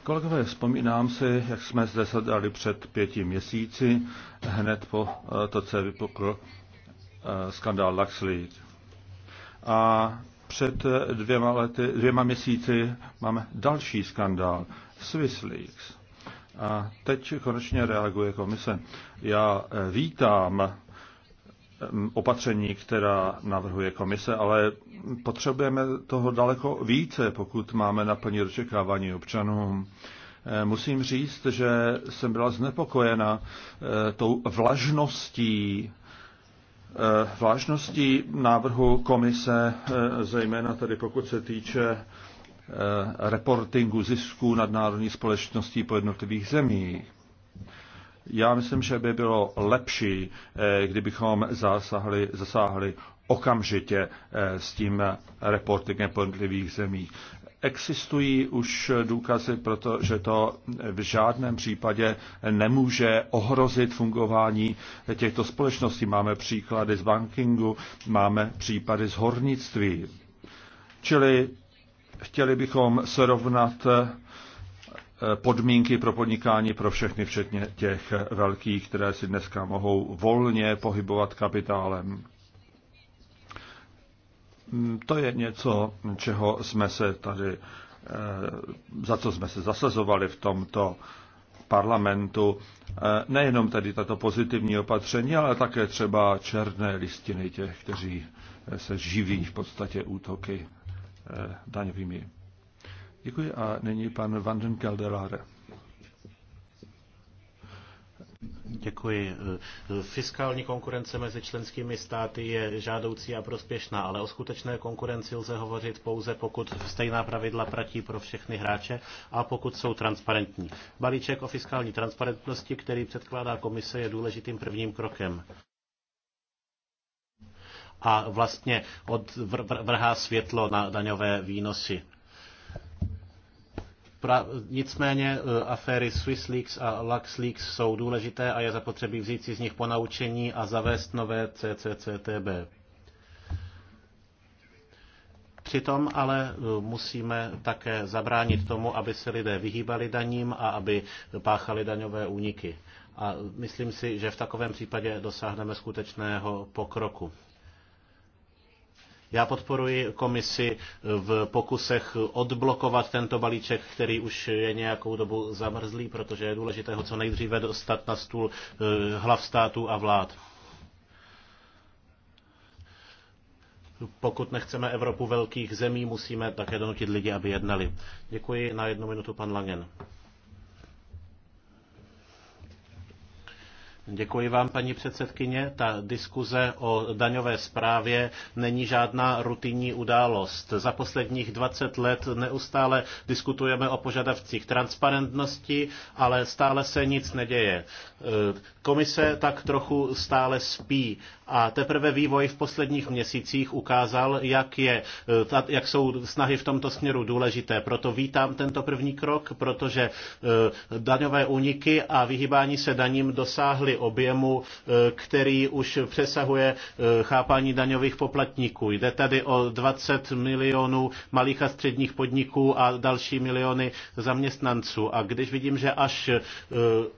Kolegové, vzpomínám si, jak jsme zde sedali před pěti měsíci, hned po eh, to, co vypukl skandál LuxLeaks. A před dvěma, lety, dvěma měsíci máme další skandál, Swiss Leaks. A teď konečně reaguje komise. Já eh, vítám mm, opatření, která navrhuje komise, ale potřebujeme toho daleko více, pokud máme naplnit očekávání občanů. Eh, musím říct, že jsem byla znepokojena eh, tou vlažností Eh, vážností návrhu komise, eh, zejména tedy pokud se týče eh, reportingu zisků nadnárodní společností po jednotlivých zemích. Já myslím, že by bylo lepší, kdybychom zasáhli, zasáhli okamžitě s tím reportingem po jednotlivých zemích. Existují už důkazy pro to, že to v žádném případě nemůže ohrozit fungování těchto společností. Máme příklady z bankingu, máme případy z hornictví. Čili chtěli bychom srovnat eh, podmínky pro podnikání pro všechny, včetně těch velkých, které si dneska mohou volně pohybovat kapitálem. Mm, to je něco, čeho jsme se tady, eh, za co jsme se zasazovali v tomto parlamentu. Eh, nejenom tedy tato pozitivní opatření, ale také třeba černé listiny těch, kteří eh, se živí v podstatě útoky daňovými. Děkuji a nyní pan Vanden Keldelare. Děkuji. E, fiskální konkurence mezi členskými státy je žádoucí a prospěšná, ale o skutečné konkurenci lze hovořit pouze, pokud stejná pravidla platí pro všechny hráče a pokud jsou transparentní. Balíček o fiskální transparentnosti, který předkládá komise, je důležitým prvním krokem a vlastně od, vrhá světlo na daňové výnosy Pra, nicméně eh, aféry SwissLeaks a LuxLeaks jsou důležité a je zapotřebí vzít si z nich ponaučení a zavést nové CCCTB. Přitom ale eh, musíme také zabránit tomu, aby se lidé vyhýbali daním a aby páchali daňové úniky. A myslím si, že v takovém případě dosáhneme skutečného pokroku. Já podporuji komisi eh, v pokusech odblokovat tento balíček, který už je nějakou dobu zamrzlý, protože je důležité ho co nejdříve dostat na stůl eh, hlav států a vlád. Pokud nechceme Evropu velkých zemí, musíme také donutit lidi, aby jednali. Děkuji na jednu minutu, pan Langen. Děkuji vám, paní předsedkyně. Ta diskuze o daňové správě není žádná rutinní událost. Za posledních 20 let neustále diskutujeme o požadavcích transparentnosti, ale stále se nic neděje. E, komise tak trochu stále spí a teprve vývoj v posledních měsících ukázal, jak, je, e, jak jsou snahy v tomto směru důležité. Proto vítám tento první krok, protože e, daňové úniky a vyhýbání se daním dosáhly dosáhli objemu, eh, který už přesahuje eh, chápání daňových poplatníků. Jde tady o 20 milionů malých a středních podniků a další miliony zaměstnanců. A když vidím, že až eh,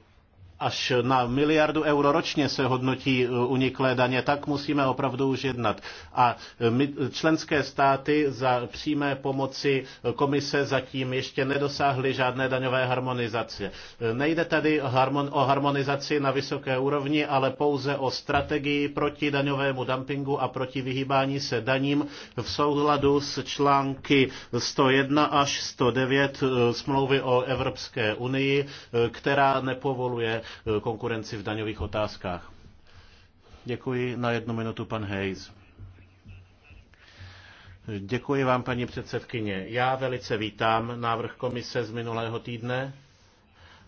až na miliardu euro ročně se hodnotí e, uniklé daně, tak musíme opravdu už jednat. A e, my, členské státy za přímé pomoci e, komise zatím ještě nedosáhly žádné daňové harmonizace. Nejde tady harmon, o harmonizaci na vysoké úrovni, ale pouze o strategii proti daňovému dumpingu a proti vyhýbání se daním v souladu s články 101 až 109 smlouvy o Evropské unii, která nepovoluje Eh, konkurenci v daňových otázkách. Děkuji. Na jednu minutu pan Hayes. Děkuji vám, paní předsedkyně. Já velice vítám návrh komise z minulého týdne.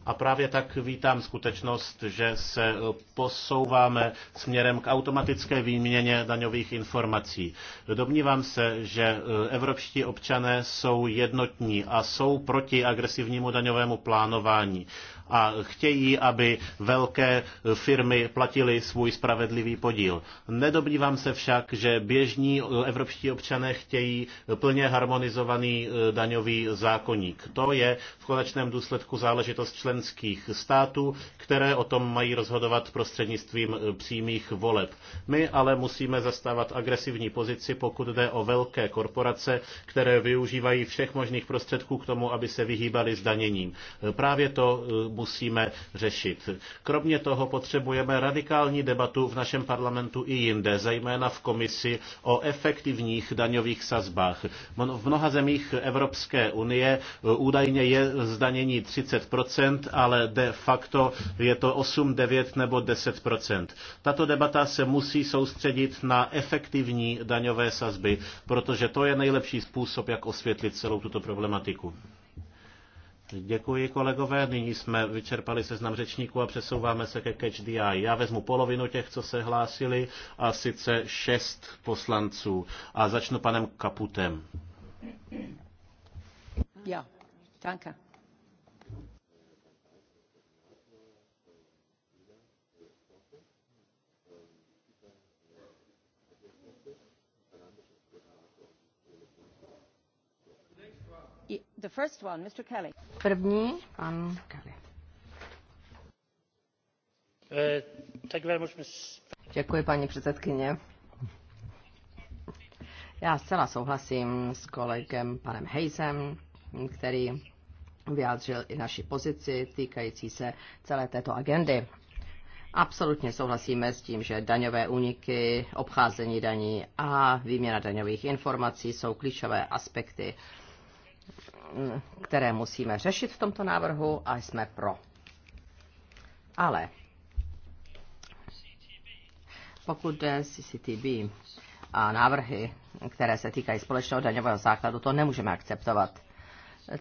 A právě tak vítám skutečnost, že se posouváme směrem k automatické výměně daňových informací. Domnívám se, že eh, evropští občané jsou jednotní a jsou proti agresivnímu daňovému plánování a chtějí, aby velké firmy platily svůj spravedlivý podíl. Nedobývám se však, že běžní evropští občané chtějí plně harmonizovaný eh, daňový zákoník. To je v konečném důsledku záležitost členských států, které o tom mají rozhodovat prostřednictvím eh, přímých voleb. My ale musíme zastávat agresivní pozici, pokud jde o velké korporace, které využívají všech možných prostředků k tomu, aby se vyhýbali zdaněním. Právě to eh, musíme řešit. Kromě toho potřebujeme radikální debatu v našem parlamentu i jinde, zejména v komisi o efektivních daňových sazbách. V mnoha zemích Evropské unie e, údajně je zdanění 30%, ale de facto je to 8, 9 nebo 10%. Tato debata se musí soustředit na efektivní daňové sazby, protože to je nejlepší způsob, jak osvětlit celou tuto problematiku. Děkuji kolegové, nyní jsme vyčerpali seznam řečníků a přesouváme se ke Catch the Eye. Já vezmu polovinu těch, co se hlásili, a sice šest poslanců. A začnu panem Kaputem. Ja, danke. První, pan Kelly. Eh, Děkuji, paní předsedkyně. Já zcela souhlasím s kolegem panem Hayesem, který vyjádřil i naši pozici týkající se celé této agendy. Absolutně souhlasíme s tím, že daňové úniky, obcházení daní a výměna daňových informací jsou klíčové aspekty které musíme řešit v tomto návrhu a jsme pro. Ale pokud jde CCTB a návrhy, které se týkají společného daňového základu, to nemůžeme akceptovat.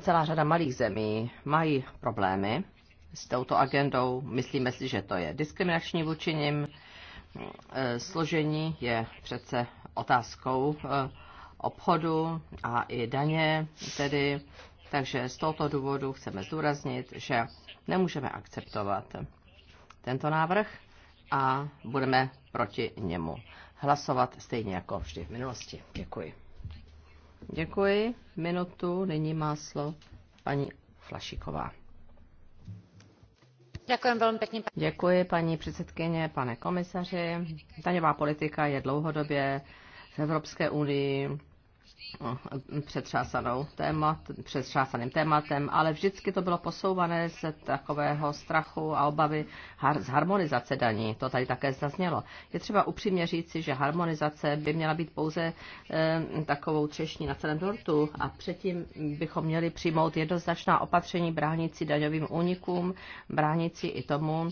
Celá řada malých zemí mají problémy s touto agendou. Myslíme si, že to je diskriminační vůči nim. E, složení je přece otázkou e, obchodu a i daně tedy. Takže z tohoto důvodu chceme zdůraznit, že nemůžeme akceptovat tento návrh a budeme proti němu hlasovat stejně jako vždy v minulosti. Děkuji. Děkuji. Minutu nyní má slovo paní Flašiková. Děkuji velmi pěkně. Děkuji paní předsedkyně, pane komisaři. Daňová politika je dlouhodobě v Evropské unii přetřásanou témat, přetřásaným tématem, ale vždycky to bylo posouvané z takového strachu a obavy har, z harmonizace daní. To tady také zaznělo. Je třeba upřímně říci, že harmonizace by měla být pouze e, takovou třešní na celém dortu a předtím bychom měli přijmout jednoznačná opatření bránící daňovým únikům, bránící i tomu,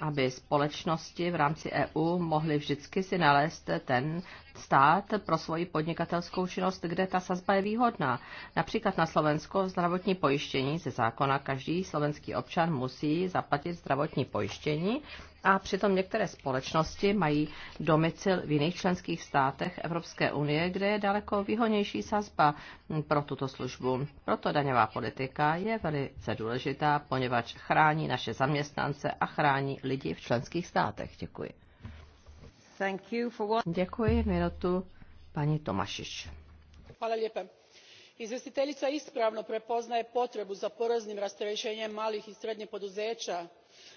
aby společnosti v rámci EU mohly vždycky si nalézt ten stát pro svoji podnikatelskou činnost, kde ta sazba je výhodná. Například na Slovensko zdravotní pojištění ze zákona každý slovenský občan musí zaplatit zdravotní pojištění a přitom některé společnosti mají domicil v jiných členských státech Evropské unie, kde je daleko výhodnější sazba pro tuto službu. Proto daňová politika je velice důležitá, poněvadž chrání naše zaměstnance a chrání lidi v členských státech. Děkuji. Děkuji, minutu paní Tomašić. Izvjestiteljica ispravno prepoznaje potrebu za poreznim rasterećenjem malih i srednjih poduzeća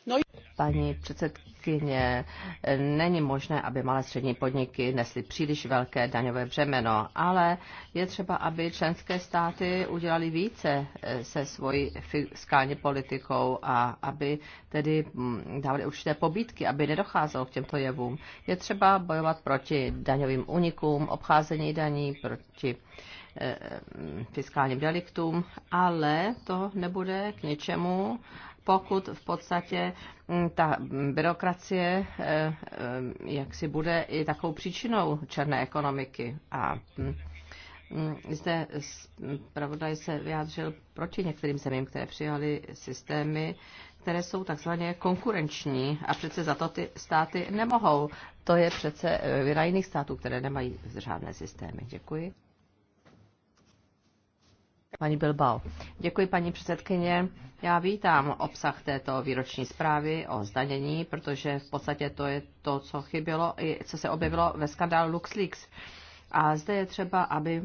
No Paní předsedkyně, není možné, aby malé střední podniky nesly příliš velké daňové břemeno, ale je třeba, aby členské státy udělali více eh, se svojí fiskální politikou a aby tedy mm, dávali určité pobídky, aby nedocházelo k těmto jevům. Je třeba bojovat proti daňovým unikům, obcházení daní, proti eh, mm, fiskálním deliktům, ale to nebude k něčemu, pokud v podstatě mm, ta byrokracie eh, eh, jak si bude i takovou příčinou černé ekonomiky. A mm, mm, zde zpravodaj se vyjádřil proti některým zemím, které přijali systémy, které jsou takzvaně konkurenční a přece za to ty státy nemohou. To je přece eh, vina jiných států, které nemají žádné systémy. Děkuji. Paní Bilbao. Děkuji, paní předsedkyně. Já vítám obsah této výroční zprávy o zdanění, protože v podstatě to je to, co chybělo, i co se objevilo ve skandálu LuxLeaks. A zde je třeba, aby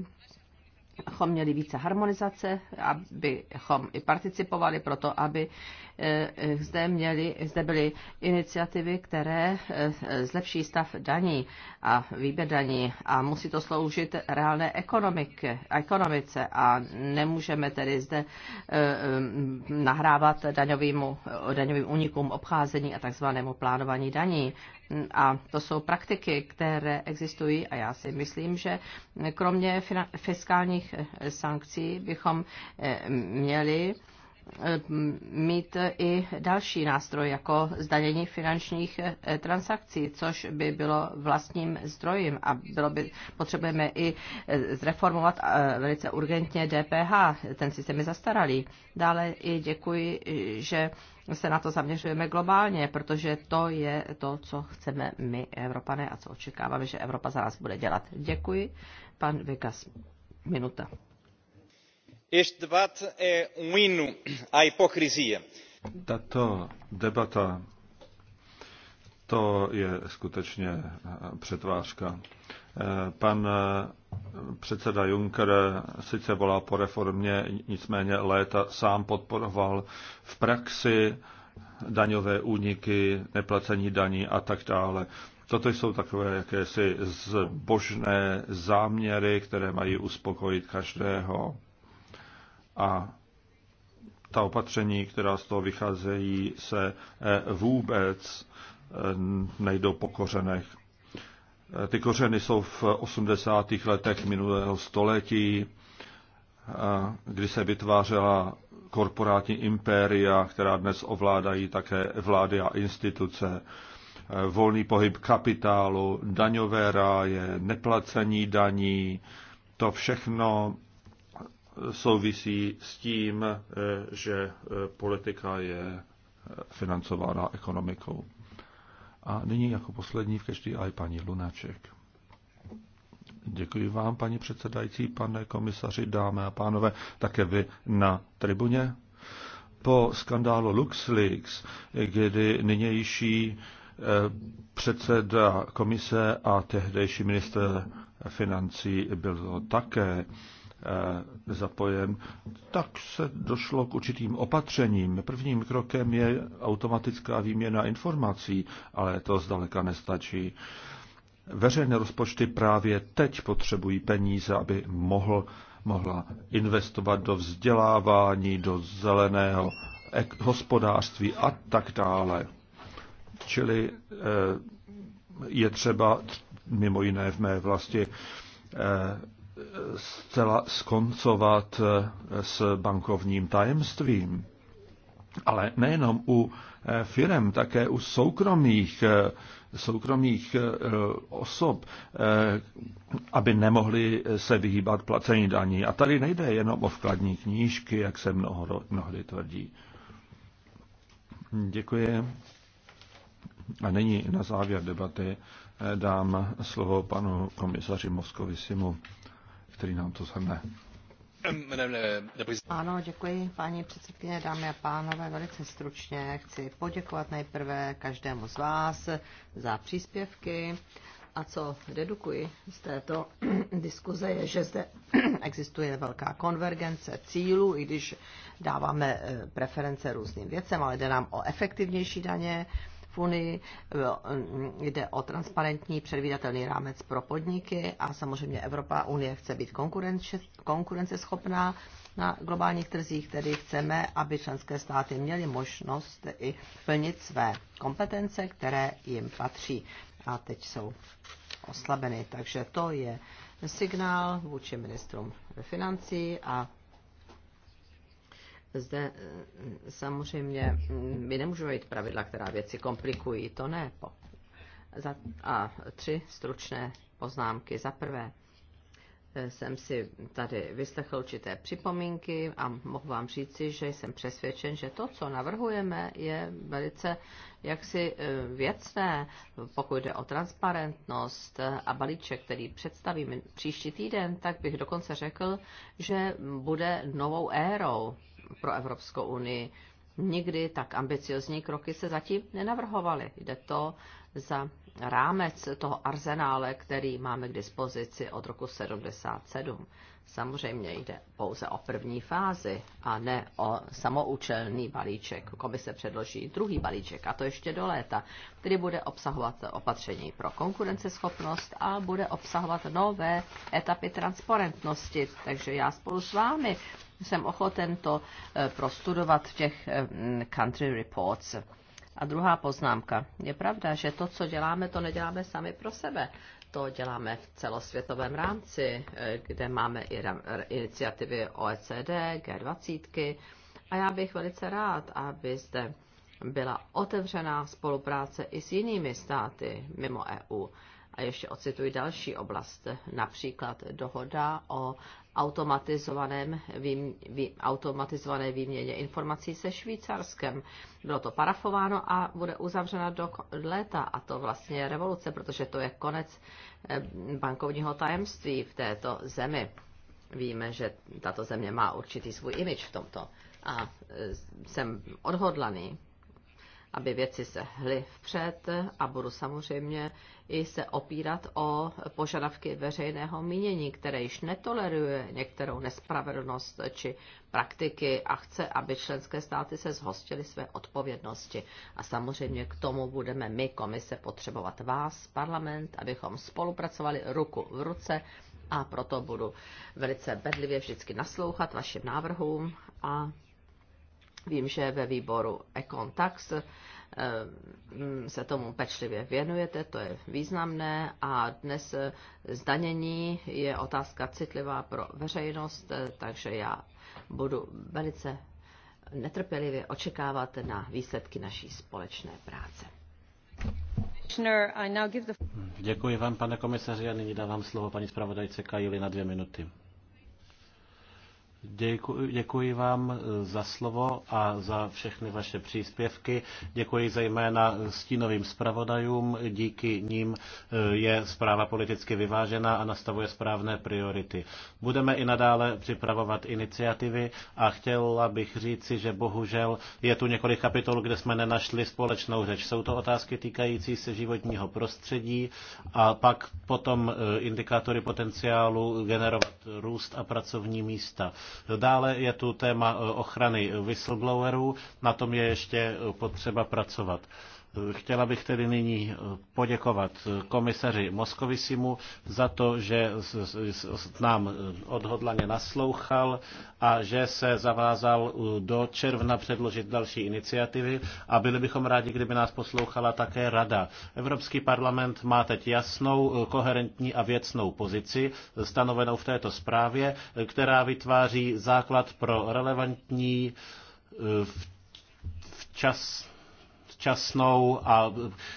bychom měli více harmonizace, abychom i participovali proto, aby eh, eh, zde, měli, zde byly iniciativy, které eh, zlepší stav daní a výběr daní a musí to sloužit reálné ekonomiky, ekonomice a nemůžeme tedy zde nahrávat daňovým, daňovým unikům obcházení a takzvanému plánování daní. A to jsou praktiky, které existují a já si myslím, že kromě fiskálních eh, sankcí bychom eh, měli Eh, mít i další nástroj jako zdanění finančních eh, transakcí, což by bylo vlastním zdrojem a bylo by, potřebujeme i eh, zreformovat velice urgentně DPH, ten systém je zastaralý. Dále i děkuji, že se na to zaměřujeme globálně, protože to je to, co chceme my, Evropané, a co očekáváme, že Evropa za nás bude dělat. Děkuji, pan Vikas. Minuta este um Tato debata to je skutečně eh, přetvářka. Eh, pan eh, předseda Juncker sice volá po reformě, nicméně léta sám podporoval v praxi daňové úniky, neplacení daní a tak dále. Toto jsou takové jakési zbožné záměry, které mají uspokojit každého a ta opatření, která z toho vycházejí, se eh, vůbec eh, nejdou po kořenech. Eh, ty kořeny jsou v 80. letech minulého století, kdy se vytvářela korporátní impéria, která dnes ovládají také vlády a instituce. Volný pohyb kapitálu, daňové ráje, neplacení daní, to všechno souvisí s tím, eh, že eh, politika je eh, financována ekonomikou. A nyní jako poslední v každý aj paní Lunaček. Děkuji vám, paní předsedající, pane komisaři, dámy a pánové, také vy na tribuně. Po skandálu LuxLeaks, kdy nynější předseda komise a tehdejší minister financí byl také Eh, za pojem, tak se došlo k určitým opatřením. Prvním krokem je automatická výměna informací, ale to zdaleka nestačí. Veřejné rozpočty právě teď potřebují peníze, aby mohl, mohla investovat do vzdělávání, do zeleného hospodářství a tak dále. Čili eh, je třeba mimo jiné v mé vlasti eh, zcela skoncovat eh, s bankovním tajemstvím. Ale nejenom u eh, firm, také u soukromých, eh, soukromých osob, aby nemohli se vyhýbat placení daní. A tady nejde jenom o vkladní knížky, jak se mnoho, mnohdy tvrdí. Děkuji. A nyní na závěr debaty dám slovo panu komisaři Moskovisimu který nám to zhrne. Ano, děkuji, paní předsedkyně, dámy a pánové, velice stručně. Chci poděkovat nejprve každému z vás za příspěvky. A co dedukuji z této (clears throat) diskuze je, že zde (clears throat) existuje velká konvergence cílů, i když dáváme eh, preference různým věcem, ale jde nám o efektivnější daně, v Unii. Eh, jde o transparentní předvídatelný rámec pro podniky a samozřejmě Evropa Unie chce být konkurenceschopná na globálních trzích, tedy chceme, aby členské státy měly možnost i plnit své kompetence, které jim patří. A teď jsou oslabeny. Takže to je signál vůči ministrům financí a zde eh, samozřejmě mm, my nemůžeme mít pravidla, která věci komplikují, to ne. A tři stručné poznámky. Za prvé, eh, jsem si tady vyslechl určité připomínky a mohu vám říci, že jsem přesvědčen, že to, co navrhujeme, je velice jaksi eh, věcné, pokud jde o transparentnost a balíček, který představím příští týden, tak bych dokonce řekl, že bude novou érou pro Evropskou unii. Nikdy tak ambiciozní kroky se zatím nenavrhovaly. Jde to za rámec toho arzenále, který máme k dispozici od roku 77. Samozřejmě jde pouze o první fázi a ne o samoučelný balíček. Komise předloží druhý balíček, a to ještě do léta, který bude obsahovat opatření pro konkurenceschopnost a bude obsahovat nové etapy transparentnosti. Takže já spolu s vámi jsem ochoten to eh, prostudovat v těch eh, country reports. A druhá poznámka. Je pravda, že to, co děláme, to neděláme sami pro sebe. To děláme v celosvětovém rámci, eh, kde máme i iniciativy OECD, G20. -ky. A já bych velice rád, aby zde byla otevřená spolupráce i s jinými státy mimo EU. A ještě ocituji další oblast, například dohoda o automatizovaném, vým, vý, automatizované výměně informací se Švýcarskem. Bylo to parafováno a bude uzavřena do léta. A to vlastně je revoluce, protože to je konec eh, bankovního tajemství v této zemi. Víme, že tato země má určitý svůj imič v tomto. A eh, jsem odhodlaný aby věci se hly vpřed a budu samozřejmě i se opírat o požadavky veřejného mínění, které již netoleruje některou nespravedlnost či praktiky a chce, aby členské státy se zhostily své odpovědnosti. A samozřejmě k tomu budeme my, komise, potřebovat vás, parlament, abychom spolupracovali ruku v ruce a proto budu velice bedlivě vždycky naslouchat vašim návrhům a Vím, že ve výboru Econtax Ehm, se tomu pečlivě věnujete, to je významné a dnes eh, zdanění je otázka citlivá pro veřejnost, eh, takže já budu velice netrpělivě očekávat na výsledky naší společné práce. Děkuji vám, pane komisaři, a nyní dávám slovo paní zpravodajce Kajili na dvě minuty. Děkuji, děkuji vám eh, za slovo a za všechny vaše příspěvky. Děkuji zejména stínovým zpravodajům. Díky ním eh, je zpráva politicky vyvážená a nastavuje správné priority. Budeme i nadále připravovat iniciativy a chtěla bych říci, že bohužel je tu několik kapitol, kde jsme nenašli společnou řeč. Jsou to otázky týkající se životního prostředí a pak potom eh, indikátory potenciálu generovat růst a pracovní místa. Dále je tu téma eh, ochrany whistleblowerů, na tom je ještě eh, potřeba pracovat. Chtěla bych tedy nyní eh, poděkovat eh, komisaři Moskovisimu za to, že nám eh, odhodlaně naslouchal a že se zavázal do června předložit další iniciativy a byli bychom rádi, kdyby nás poslouchala také Rada. Evropský parlament má teď jasnou, koherentní a věcnou pozici stanovenou v této zprávě, která vytváří základ pro relevantní včas včasnou a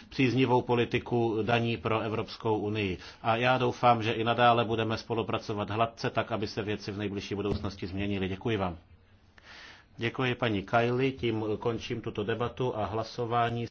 příznivou politiku daní pro Evropskou unii. A já doufám, že i nadále budeme spolupracovat hladce, tak aby se věci v nejbližší budoucnosti změnily. Děkuji vám. Děkuji paní Kajli, tím končím tuto debatu a hlasování.